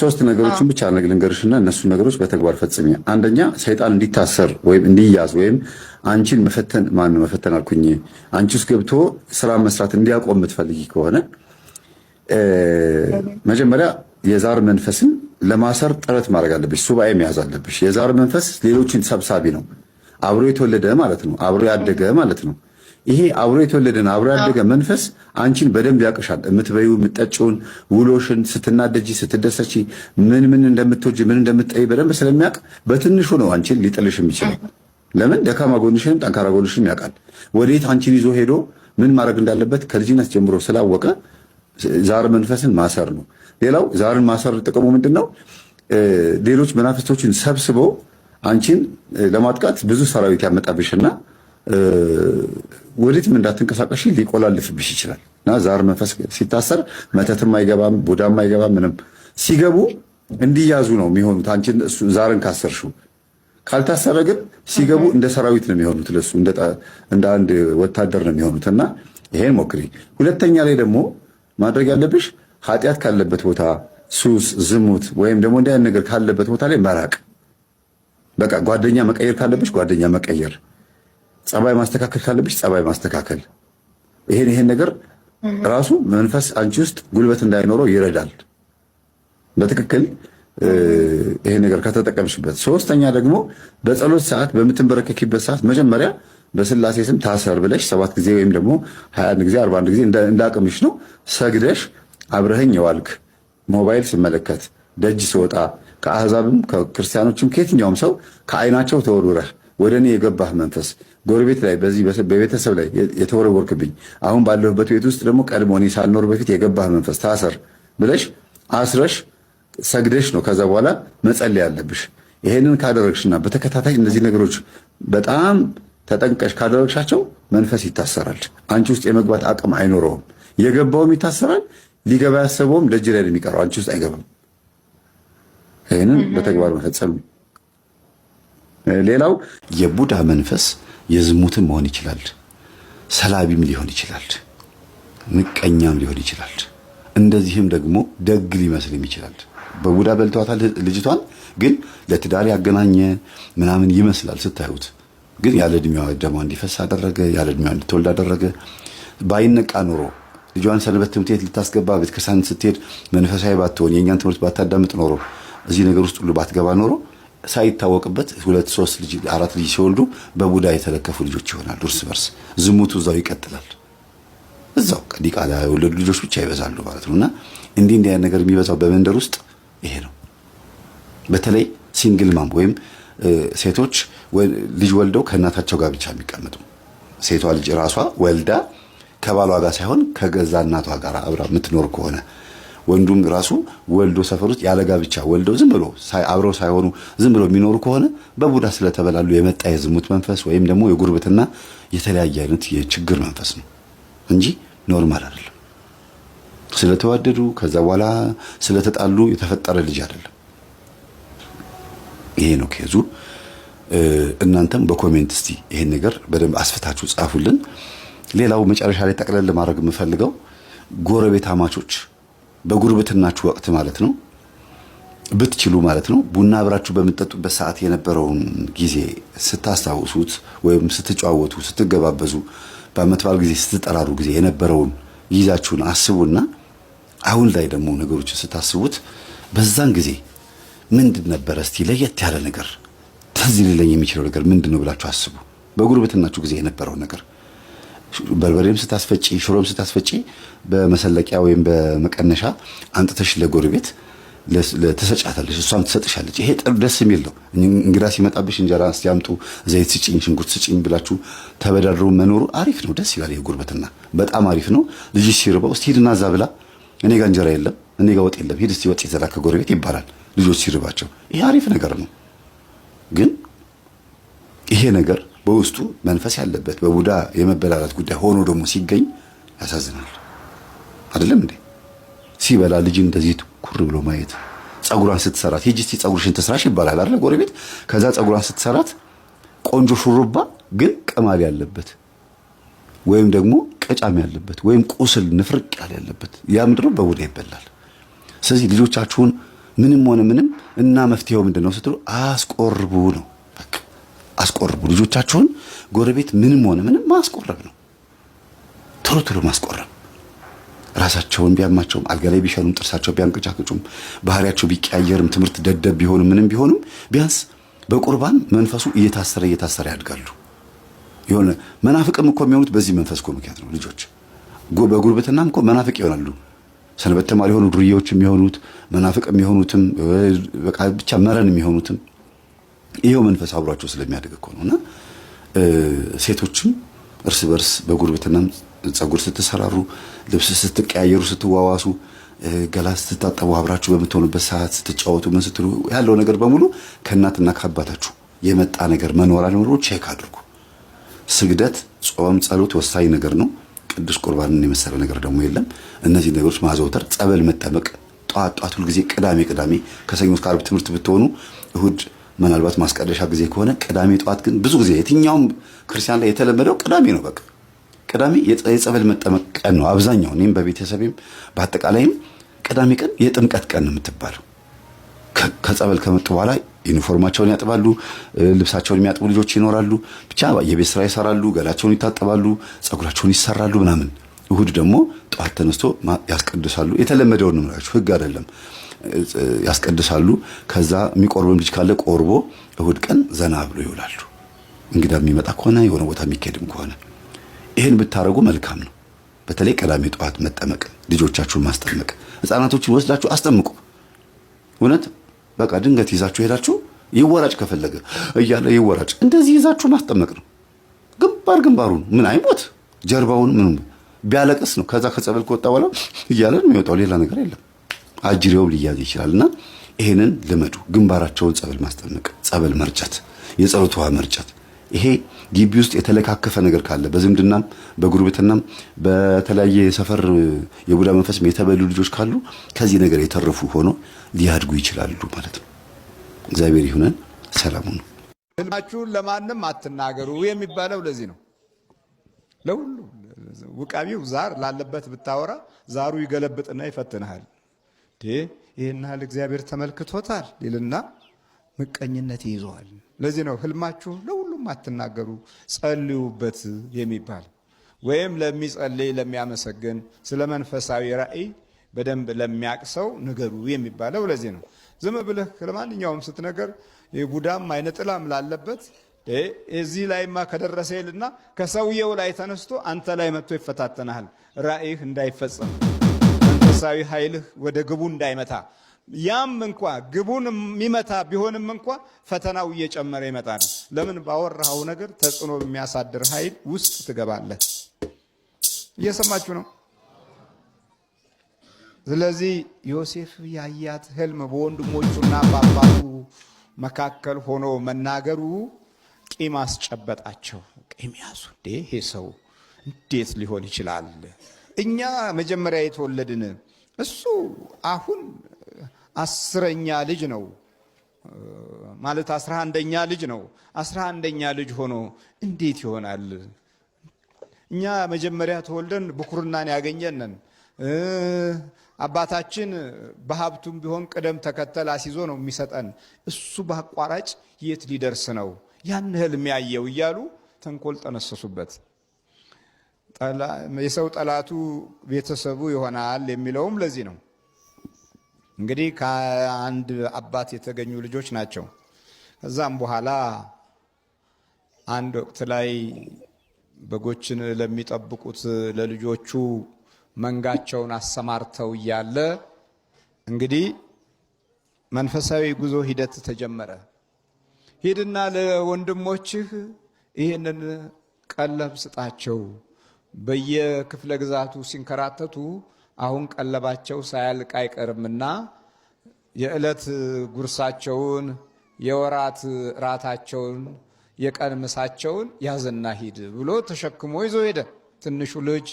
ሶስት ነገሮችን ብቻ ልንገርሽ እና እነሱን ነገሮች በተግባር ፈጽሜ፣ አንደኛ ሰይጣን እንዲታሰር ወይም እንዲያዝ ወይም አንቺን መፈተን ማን መፈተን አልኩኝ፣ አንቺ ውስጥ ገብቶ ስራ መስራት እንዲያቆም የምትፈልጊ ከሆነ መጀመሪያ የዛር መንፈስን ለማሰር ጥረት ማድረግ አለብሽ። ሱባኤ መያዝ አለብሽ። የዛር መንፈስ ሌሎችን ሰብሳቢ ነው። አብሮ የተወለደ ማለት ነው። አብሮ ያደገ ማለት ነው። ይሄ አብሮ የተወለደን አብሮ ያደገ መንፈስ አንቺን በደንብ ያውቅሻል። የምትበዩ የምትጠጪውን፣ ውሎሽን፣ ስትናደጂ፣ ስትደሰቺ፣ ምን ምን እንደምትወጂ፣ ምን እንደምትጠይ በደንብ ስለሚያውቅ በትንሹ ነው አንቺን ሊጥልሽ የሚችለው። ለምን ደካማ ጎንሽንም ጠንካራ ጎንሽንም ያውቃል። ወዴት አንቺን ይዞ ሄዶ ምን ማድረግ እንዳለበት ከልጅነት ጀምሮ ስላወቀ ዛር መንፈስን ማሰር ነው። ሌላው ዛርን ማሰር ጥቅሙ ምንድን ነው? ሌሎች መናፍስቶችን ሰብስቦ አንቺን ለማጥቃት ብዙ ሰራዊት ያመጣብሽና ወዴትም እንዳትንቀሳቀሽ ሊቆላልፍብሽ ይችላል እና ዛር መንፈስ ሲታሰር መተትም አይገባም፣ ቡዳም አይገባም። ምንም ሲገቡ እንዲያዙ ነው የሚሆኑት አንቺን ዛርን ካሰርሽው። ካልታሰረ ግን ሲገቡ እንደ ሰራዊት ነው የሚሆኑት ለሱ እንደ አንድ ወታደር ነው የሚሆኑት እና ይሄን ሞክሪ። ሁለተኛ ላይ ደግሞ ማድረግ ያለብሽ ኃጢአት ካለበት ቦታ ሱስ፣ ዝሙት ወይም ደግሞ እንዲህ ዓይነት ነገር ካለበት ቦታ ላይ መራቅ። በቃ ጓደኛ መቀየር ካለብሽ ጓደኛ መቀየር ጸባይ ማስተካከል ካለብሽ ጸባይ ማስተካከል፣ ይሄን ይሄን ነገር ራሱ መንፈስ አንቺ ውስጥ ጉልበት እንዳይኖረው ይረዳል። በትክክል ይሄን ነገር ከተጠቀምሽበት። ሶስተኛ ደግሞ በጸሎት ሰዓት በምትንበረከኪበት ሰዓት መጀመሪያ በስላሴ ስም ታሰር ብለሽ ሰባት ጊዜ ወይም ደግሞ 21 ጊዜ 41 ጊዜ እንዳቅምሽ ነው ሰግደሽ አብረህኝ የዋልክ ሞባይል ስመለከት፣ ደጅ ስወጣ፣ ከአህዛብም ከክርስቲያኖችም ከየትኛውም ሰው ከአይናቸው ተወርውረህ ወደ እኔ የገባህ መንፈስ ጎረቤት ላይ በዚህ በቤተሰብ ላይ የተወረወርክብኝ አሁን ባለሁበት ቤት ውስጥ ደግሞ ቀድሞ እኔ ሳልኖር በፊት የገባህ መንፈስ ታሰር ብለሽ አስረሽ ሰግደሽ ነው ከዛ በኋላ መጸለይ አለብሽ። ይሄንን ካደረግሽና በተከታታይ እነዚህ ነገሮች በጣም ተጠንቀሽ ካደረግሻቸው መንፈስ ይታሰራል። አንቺ ውስጥ የመግባት አቅም አይኖረውም። የገባውም ይታሰራል። ሊገባ ያሰበውም ደጅ ላይ የሚቀረው አንቺ ውስጥ አይገባም። ይህንን በተግባር መፈጸም ሌላው የቡዳ መንፈስ የዝሙትም መሆን ይችላል፣ ሰላቢም ሊሆን ይችላል፣ ምቀኛም ሊሆን ይችላል። እንደዚህም ደግሞ ደግ ሊመስልም ይችላል። በቡዳ በልተዋታል ልጅቷን፣ ግን ለትዳር ያገናኘ ምናምን ይመስላል ስታዩት። ግን ያለ እድሜዋ ደሟ እንዲፈስ አደረገ፣ ያለ እድሜዋ እንድትወልድ አደረገ። ባይነቃ ኑሮ ልጇን ሰንበት ትምህርት ቤት ልታስገባ ቤተክርስቲያን ስትሄድ መንፈሳዊ ባትሆን የእኛን ትምህርት ባታዳምጥ ኖሮ እዚህ ነገር ውስጥ ሁሉ ባትገባ ኖሮ ሳይታወቅበት ሁለት ሶስት ልጅ አራት ልጅ ሲወልዱ በቡዳ የተለከፉ ልጆች ይሆናሉ። እርስ በርስ ዝሙቱ እዛው ይቀጥላል። እዛው ዲቃላ የወለዱ ልጆች ብቻ ይበዛሉ ማለት ነው። እና እንዲህ እንዲህ አይነት ነገር የሚበዛው በመንደር ውስጥ ይሄ ነው። በተለይ ሲንግል ማም ወይም ሴቶች ልጅ ወልደው ከእናታቸው ጋር ብቻ የሚቀመጡ ሴቷ ልጅ ራሷ ወልዳ ከባሏ ጋር ሳይሆን ከገዛ እናቷ ጋር አብራ የምትኖር ከሆነ ወንዱም ራሱ ወልዶ ሰፈር ውስጥ ያለ ጋብቻ ወልደው ዝም ብሎ አብረው ሳይሆኑ ዝም ብሎ የሚኖሩ ከሆነ በቡዳ ስለተበላሉ የመጣ የዝሙት መንፈስ ወይም ደግሞ የጉርብትና የተለያየ አይነት የችግር መንፈስ ነው እንጂ ኖርማል አይደለም። ስለተዋደዱ ከዛ በኋላ ስለተጣሉ የተፈጠረ ልጅ አይደለም። ይሄ ነው ከዙ። እናንተም በኮሜንት እስቲ ይሄን ነገር በደንብ አስፍታችሁ ጻፉልን። ሌላው መጨረሻ ላይ ጠቅለል ማድረግ የምፈልገው አማቾች በጉርብትናችሁ ወቅት ማለት ነው ብትችሉ ማለት ነው ቡና አብራችሁ በምጠጡበት ሰዓት የነበረውን ጊዜ ስታስታውሱት ወይም ስትጨዋወቱ፣ ስትገባበዙ፣ በአመት በዓል ጊዜ ስትጠራሩ ጊዜ የነበረውን ጊዜያችሁን አስቡና አሁን ላይ ደግሞ ነገሮችን ስታስቡት በዛን ጊዜ ምንድን ነበረ እስቲ ለየት ያለ ነገር ትዝ ሊለኝ የሚችለው ነገር ምንድን ነው ብላችሁ አስቡ። በጉርብትናችሁ ጊዜ የነበረው ነገር በርበሬም ስታስፈጪ ሽሮም ስታስፈጪ በመሰለቂያ ወይም በመቀነሻ አንጥተሽ ለጎረቤት ትሰጫታለች፣ እሷም ትሰጥሻለች። ይሄ ደስ የሚል ነው። እንግዳ ሲመጣብሽ እንጀራ ሲያምጡ ዘይት ስጭኝ፣ ሽንኩርት ስጭኝ ብላችሁ ተበዳድሮ መኖሩ አሪፍ ነው፣ ደስ ይላል። የጉርበትና በጣም አሪፍ ነው። ልጅ ሲርበው እስቲ ሂድና እዛ ብላ፣ እኔ ጋ እንጀራ የለም፣ እኔ ጋ ወጥ የለም፣ ሂድ እስቲ ወጥ ይዘላ ከጎረቤት ይባላል ልጆች ሲርባቸው። ይሄ አሪፍ ነገር ነው ግን ይሄ ነገር በውስጡ መንፈስ ያለበት በቡዳ የመበላላት ጉዳይ ሆኖ ደግሞ ሲገኝ ያሳዝናል። አይደለም እንዴ? ሲበላ ልጅ እንደዚህ ትኩር ብሎ ማየት፣ ጸጉሯን ስትሰራት ሂጂ እስቲ ጸጉርሽን ትስራሽ ይባላል አይደለ? ጎረቤት ከዛ ጸጉሯን ስትሰራት ቆንጆ ሹሩባ ግን ቅማል ያለበት ወይም ደግሞ ቀጫም ያለበት ወይም ቁስል ንፍርቅ ያለ ያለበት ያ ምድሮ በቡዳ ይበላል። ስለዚህ ልጆቻችሁን ምንም ሆነ ምንም እና መፍትሄው ምንድን ነው ስትሉ አስቆርቡ ነው። አስቆርቡ። ልጆቻችሁን ጎረቤት ምንም ሆነ ምንም ማስቆረብ ነው። ቶሎ ቶሎ ማስቆረብ ራሳቸውን ቢያማቸውም አልጋ ላይ ቢሸኑም ጥርሳቸው ቢያንቅጫቅጩም፣ ባህሪያቸው ቢቀያየርም ትምህርት ደደብ ቢሆንም ምንም ቢሆንም ቢያንስ በቁርባን መንፈሱ እየታሰረ እየታሰረ ያድጋሉ። የሆነ መናፍቅም እኮ የሚሆኑት በዚህ መንፈስ እኮ ምክንያት ነው። ልጆች በጉርብትናም እኮ መናፍቅ ይሆናሉ። ሰንበት ተማሪ የሆኑ ዱርዬዎች የሚሆኑት መናፍቅ የሚሆኑትም በቃ ብቻ መረን የሚሆኑትም ይኸው መንፈስ አብሯቸው ስለሚያደግ እኮ ነው። እና ሴቶችም እርስ በርስ በጉርብትና ጸጉር ስትሰራሩ፣ ልብስ ስትቀያየሩ፣ ስትዋዋሱ፣ ገላ ስትታጠቡ፣ አብራችሁ በምትሆኑበት ሰዓት ስትጫወቱ፣ ምን ስትሉ ያለው ነገር በሙሉ ከእናትና ከአባታችሁ የመጣ ነገር መኖር አለመኖሩ ቼክ አድርጉ። ስግደት፣ ጾም፣ ጸሎት ወሳኝ ነገር ነው። ቅዱስ ቁርባንን የመሰለ ነገር ደግሞ የለም። እነዚህ ነገሮች ማዘውተር፣ ጸበል መጠመቅ፣ ጠዋት ጠዋት ሁልጊዜ ቅዳሜ ቅዳሜ ከሰኞ እስከ ዓርብ ትምህርት ብትሆኑ እሁድ ምናልባት ማስቀደሻ ጊዜ ከሆነ ቅዳሜ ጠዋት ግን ብዙ ጊዜ የትኛውም ክርስቲያን ላይ የተለመደው ቅዳሜ ነው። በቃ ቅዳሜ የጸበል መጠመቅ ቀን ነው። አብዛኛው እኔም በቤተሰቤም በአጠቃላይም ቅዳሜ ቀን የጥምቀት ቀን ነው የምትባለው። ከጸበል ከመጡ በኋላ ዩኒፎርማቸውን ያጥባሉ፣ ልብሳቸውን የሚያጥቡ ልጆች ይኖራሉ። ብቻ የቤት ስራ ይሰራሉ፣ ገላቸውን ይታጠባሉ፣ ጸጉራቸውን ይሰራሉ ምናምን እሁድ ደግሞ ጠዋት ተነስቶ ያስቀድሳሉ። የተለመደውን ነው የምላችሁ፣ ህግ አይደለም። ያስቀድሳሉ። ከዛ የሚቆርብም ልጅ ካለ ቆርቦ እሁድ ቀን ዘና ብሎ ይውላሉ። እንግዳ የሚመጣ ከሆነ የሆነ ቦታ የሚካሄድም ከሆነ ይህን ብታደረጉ መልካም ነው። በተለይ ቅዳሜ ጠዋት መጠመቅ፣ ልጆቻችሁን ማስጠመቅ፣ ህፃናቶችን ወስዳችሁ አስጠምቁ። እውነት በቃ ድንገት ይዛችሁ ሄዳችሁ ይወራጭ ከፈለገ እያለ ይወራጭ እንደዚህ ይዛችሁ ማስጠመቅ ነው። ግንባር ግንባሩን ምን አይሞት ጀርባውን ምን ቢያለቅስ ነው። ከዛ ከጸበል ከወጣ በኋላ እያለ ነው የሚወጣው። ሌላ ነገር የለም። አጅሬውም ሊያዝ ይችላል። እና ይሄንን ልመዱ። ግንባራቸውን ጸበል ማስጠመቅ፣ ጸበል መርጨት፣ የጸሎት ውሃ መርጨት። ይሄ ግቢ ውስጥ የተለካከፈ ነገር ካለ በዝምድናም በጉርብትናም በተለያየ የሰፈር የቡዳ መንፈስ የተበሉ ልጆች ካሉ ከዚህ ነገር የተረፉ ሆኖ ሊያድጉ ይችላሉ ማለት ነው። እግዚአብሔር ይሁነን። ሰላሙ ነው። ህልማችሁን ለማንም አትናገሩ የሚባለው ለዚህ ነው ለሁሉም ውቃቢው ዛር ላለበት ብታወራ ዛሩ ይገለብጥና ይፈትንሃል። ይህን ያህል እግዚአብሔር ተመልክቶታል ይልና ምቀኝነት ይይዘዋል። ለዚህ ነው ህልማችሁ ለሁሉም አትናገሩ፣ ጸልዩበት የሚባል ወይም ለሚጸልይ ለሚያመሰግን፣ ስለ መንፈሳዊ ራእይ በደንብ ለሚያቅሰው ንገሩ የሚባለው ለዚህ ነው። ዝም ብለህ ለማንኛውም ስትነገር የቡዳም አይነጥላም ላለበት እዚህ ላይማ ከደረሰ ይልና ከሰውየው ላይ ተነስቶ አንተ ላይ መጥቶ ይፈታተናል። ራእይህ እንዳይፈጸም መንፈሳዊ ኃይልህ ወደ ግቡ እንዳይመታ ያም እንኳ ግቡን የሚመታ ቢሆንም እንኳ ፈተናው እየጨመረ ይመጣል። ለምን? ባወራኸው ነገር ተጽዕኖ የሚያሳድር ኃይል ውስጥ ትገባለህ። እየሰማችሁ ነው። ስለዚህ ዮሴፍ ያያት ህልም በወንድሞቹና በአባቱ መካከል ሆኖ መናገሩ ቂም አስጨበጣቸው። ቂም ያዙ። ይሄ ሰው እንዴት ሊሆን ይችላል? እኛ መጀመሪያ የተወለድን እሱ አሁን አስረኛ ልጅ ነው ማለት አስራ አንደኛ ልጅ ነው። አስራ አንደኛ ልጅ ሆኖ እንዴት ይሆናል? እኛ መጀመሪያ ተወልደን ብኩርናን ያገኘንን አባታችን በሀብቱም ቢሆን ቅደም ተከተል አስይዞ ነው የሚሰጠን። እሱ በአቋራጭ የት ሊደርስ ነው? ያን ህልም ያየው እያሉ ተንኮል ጠነሰሱበት። የሰው ጠላቱ ቤተሰቡ ይሆናል የሚለውም ለዚህ ነው። እንግዲህ ከአንድ አባት የተገኙ ልጆች ናቸው። ከዛም በኋላ አንድ ወቅት ላይ በጎችን ለሚጠብቁት ለልጆቹ መንጋቸውን አሰማርተው እያለ እንግዲህ መንፈሳዊ ጉዞ ሂደት ተጀመረ። ሂድና ለወንድሞችህ ይህንን ቀለብ ስጣቸው። በየክፍለ ግዛቱ ሲንከራተቱ አሁን ቀለባቸው ሳያልቅ አይቀርምና የዕለት ጉርሳቸውን፣ የወራት ራታቸውን፣ የቀን ምሳቸውን ያዝና ሂድ ብሎ ተሸክሞ ይዞ ሄደ። ትንሹ ልጅ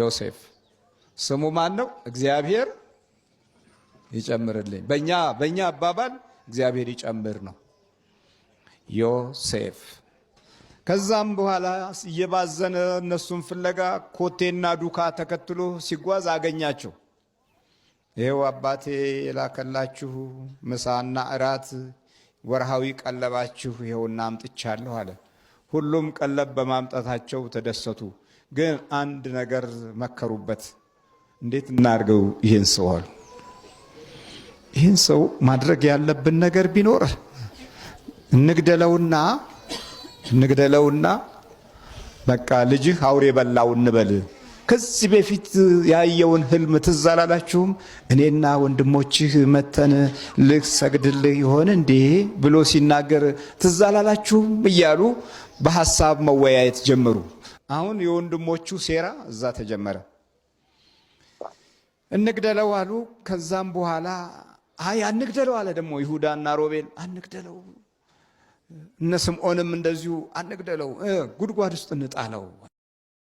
ዮሴፍ ስሙ ማን ነው? እግዚአብሔር ይጨምርልኝ። በእኛ በእኛ አባባል እግዚአብሔር ይጨምር ነው። ዮሴፍ ከዛም በኋላ እየባዘነ እነሱን ፍለጋ ኮቴና ዱካ ተከትሎ ሲጓዝ አገኛቸው። ይኸው አባቴ የላከላችሁ ምሳና እራት ወርሃዊ ቀለባችሁ ይኸውና አምጥቻለሁ አለ። ሁሉም ቀለብ በማምጣታቸው ተደሰቱ። ግን አንድ ነገር መከሩበት። እንዴት እናድርገው ይህን ሰዋል ይህን ሰው ማድረግ ያለብን ነገር ቢኖር እንግደለውና እንግደለውና በቃ ልጅህ አውሬ በላው እንበል። ከዚህ በፊት ያየውን ህልም ትዝ አላላችሁም? እኔና ወንድሞችህ መተን ልክ ሰግድልህ ይሆን እንዴ ብሎ ሲናገር ትዝ አላላችሁም? እያሉ በሀሳብ መወያየት ጀመሩ። አሁን የወንድሞቹ ሴራ እዛ ተጀመረ። እንግደለው አሉ። ከዛም በኋላ አይ አንግደለው አለ። ደግሞ ይሁዳና ሮቤል አንግደለው፣ እነ ስምዖንም እንደዚሁ አንግደለው፣ ጉድጓድ ውስጥ እንጣለው